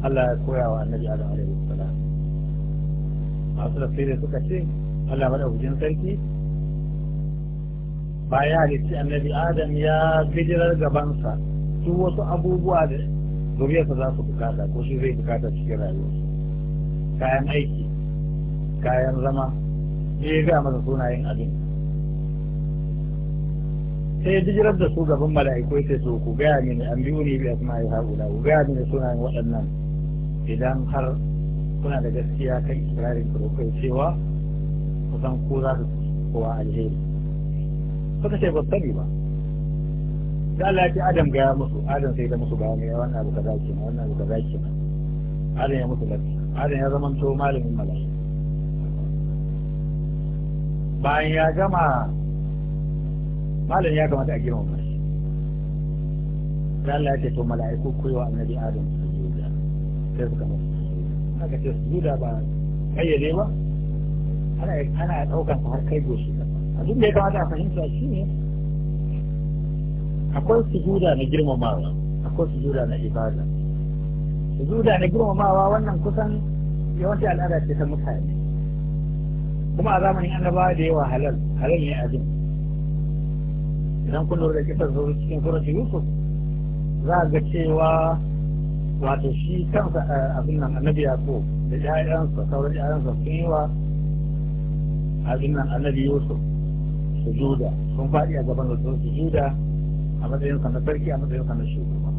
Allah ya koya wa annabi Adam alaihi salam masu tafsiri suka ce Allah madaukakin sarki bayan ce annabi Adam ya bijirar gabansa duk wasu abubuwa da zuriyarsa za su bukata ko shi zai bukata cikin rayuwarsa kayan aiki kayan zama ne ya masa sunayen abin sai ya bijirar da su gaban mala'iku ya ce to ku gaya mini an biyu ne bi asma'i haula ku gaya mini yin waɗannan idan har kuna da gaskiya kan ikirarin ku cewa kusan ko za su kowa alheri suka ce ba sani ba da Allah ya ce Adam gaya musu Adam sai da musu bayani ya wannan abu kaza kenan wannan abu kaza kenan Adam ya mutu lafiya Adam ya zama to malamin mala'iku bayan ya gama malam ya kamata a girmama shi Allah ya ce to mala'iku ku yi wa annabi Adam sujuda sai suka musu aka ce su sujuda ba kayyade ba ana ana daukan har kai goshi abin da ya kamata a fahimta shine akwai sujuda na girmamawa akwai su juda na ibada sujuda na girmamawa wannan kusan yawanci al'ada ce ta mutane kuma a zamanin annabawa da yawa halal halal ne abin idan kun lura da kisan zuwa cikin surati yusuf za a ga cewa wato shi kansa eh, abin nan annabi ko da ƴaƴansa sauran ƴaƴansa sun yi wa abin nan annabi yusuf su juda sun faɗi a gaban da su juda a matsayin sa na sarki a matsayin sa na shugaba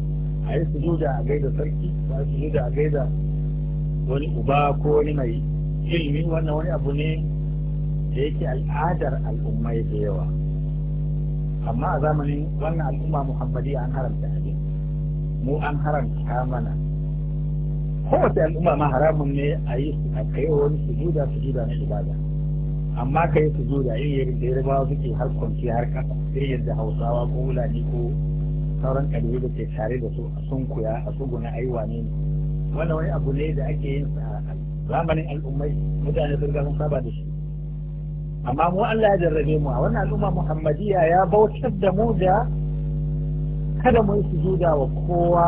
a yi su juda a gaida sarki a yi juda a gaida wani uba ko wani mai ilimi wannan wani abu ne da yake al'adar al'ummai da yawa amma a zamanin wannan al'umma muhammadiya an haramta ne mu an haramta mana kowace al'umma ma haramun ne a yi a kai wani sujuda sujuda na ibada amma kai sujuda yin yadda yarbawa suke har kwanci har kasa sai yadda hausawa ko wulani ko sauran kabilu da ke tare da su a sunkuya a tsuguna a yi wane ne wannan wani abu ne da ake yin sa a zamanin al'ummai mutane sun ga sun saba da shi amma mu Allah ya jarrabe mu a wannan al'umma muhammadiya ya bautar da mu da kada mu su juda wa kowa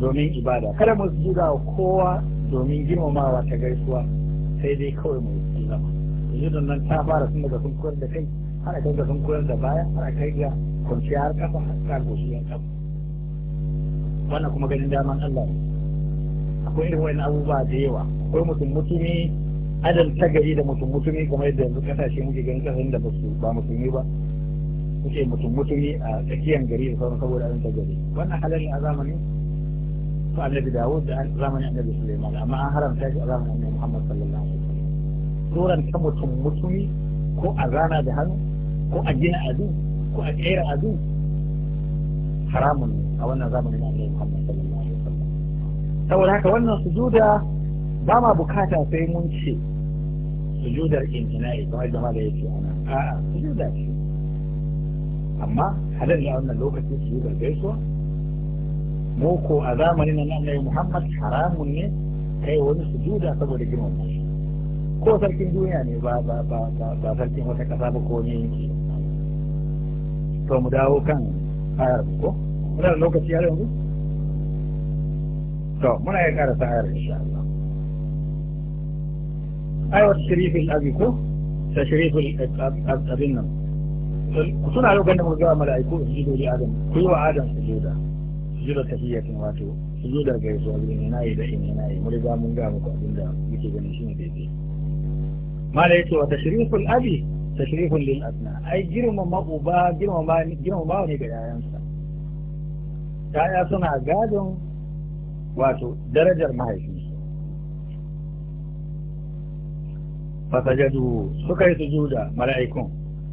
domin ibada kada mu su juda wa kowa domin girmamawa ta gaisuwa sai dai kawai mu yi sujuda yanzu nan ta fara sun daga sun koyar da kai har kai ga sun koyar da baya har kai ga kwanciya har kafa har ka goshi yan kafa wannan kuma ganin daman Allah ne akwai irin wani abubuwa da yawa akwai mutum mutumi adam ta gari da mutum mutumi kamar yadda yanzu kasashe muke ganin kasan da basu ba musulmi ba muke mutum mutumi a tsakiyar gari da sauran saboda adam ta gari wannan halal a zamanin su annabi dawud da zamanin annabi suleiman amma an haramta shi a zamanin annabi muhammad sallallahu alaihi wasallam turan ta mutum mutumi ko a zana da hannu ko a gina adu ko a kera adu haramun a wannan zamanin annabi muhammad sallallahu alaihi wasallam saboda haka wannan sujuda ba ma bukata sai mun ce sujudar intina'i kamar da mala yake ana a'a sujuda ce amma ne a wannan lokacin sujudar gaisuwa mu ko a zamanin nan annabi Muhammad haramun ne kai wani sujuda saboda girmama shi ko sarkin duniya ne ba ba ba ba sarkin wata kasa ba ko ne yake to mu dawo kan ayar ko muna lokaci har yanzu to ayawar shirifin abi ko ta shirifin abin nan ku suna lokacin da mutuwa mala'iku su jido da adam ku yi wa adam su juda su juda kan wato su gaisu gaisuwa zuwa yana yi da in yana yi muri riga mun ga muku abin da muke ganin shi ne daidai mala ce wa tashriful abi shirifin lil asna ai girmama uba girma ma wani ga yayansa yaya suna gadon wato darajar mahaifi fasajadu suka yi sujuda mala'ikun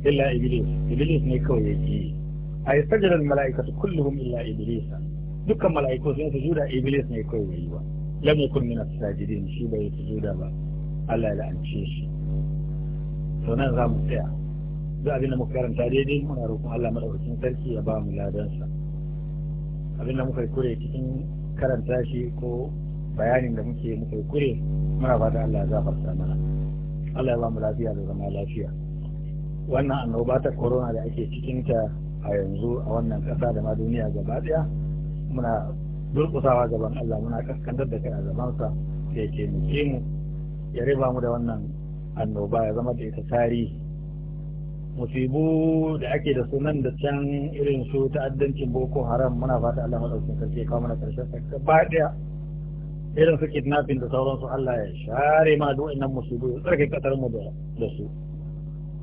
illa iblis iblis ne kawai ya ji a yi sajadar mala'ikatu kulluhum illa iblis dukkan mala'iku sun sujuda iblis ne kawai ya yi ba kun yakun su as-sajidin shi bai sujuda ba Allah ya la'ance shi to nan za mu tsaya duk abin da muka karanta daidai muna roƙon Allah madaukakin sarki ya ba mu ladansa abin da muka kure cikin karanta shi ko bayanin da muke muka kure muna fata Allah ya gafarta mana Allah ya ba mu lafiya da zama lafiya wannan annoba ta corona da ake ta a yanzu a wannan ƙasa da ma duniya gaba ɗaya muna durƙusawa gaban Allah muna kaskantar da kai a gabansa da yake mu ya riba mu da wannan annoba ya zama da ita tarihi musibu da ake da sunan da can irin su ta'addancin boko haram muna fata Allah madaukakin sarki ya kawo mana ƙarshen gaba ɗaya irin su kidnapping da sauransu Allah ya share ma duk innan musibu ya tsarki katar mu da su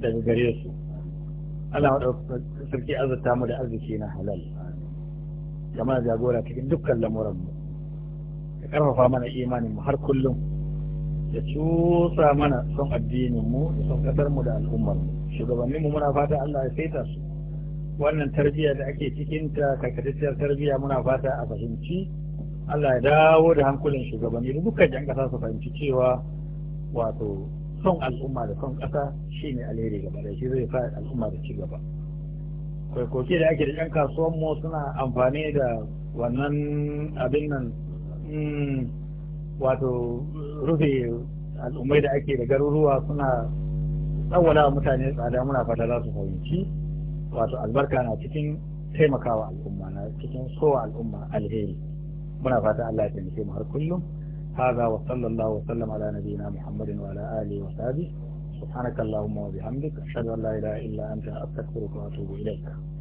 daga gare su Allah ya sarki azurta mu da arziki na halal da mana jagora cikin dukkan lamuran mu ya karfafa mana imanin mu har kullum ya cusa mana son addinin mu da son kasar mu da al'ummar mu shugabannin mu muna fata Allah ya saita su wannan tarbiyya da ake cikin ta karkatacciyar tarbiyya muna fata a fahimci Allah ya dawo da hankulin shugabanni da dukkan jan kasa su fahimci cewa wato son al'umma da son kasa ne alheri gaba da shi zai fara al'umma da ci gaba koke da ake da yan kasuwan mu suna amfani da wannan abin nan mm, wato rufe al'ummai da ake da garuruwa suna tsawwala mutane tsada muna fata za su fahimci wato albarka na cikin taimakawa al'umma na cikin sowa al'umma alheri ربنا فاتح الله ya taimake mu هذا وصلى الله وسلم على نبينا محمد وعلى آله وصحبه سبحانك اللهم وبحمدك أشهد أن لا إله إلا أنت أستغفرك وأتوب إليك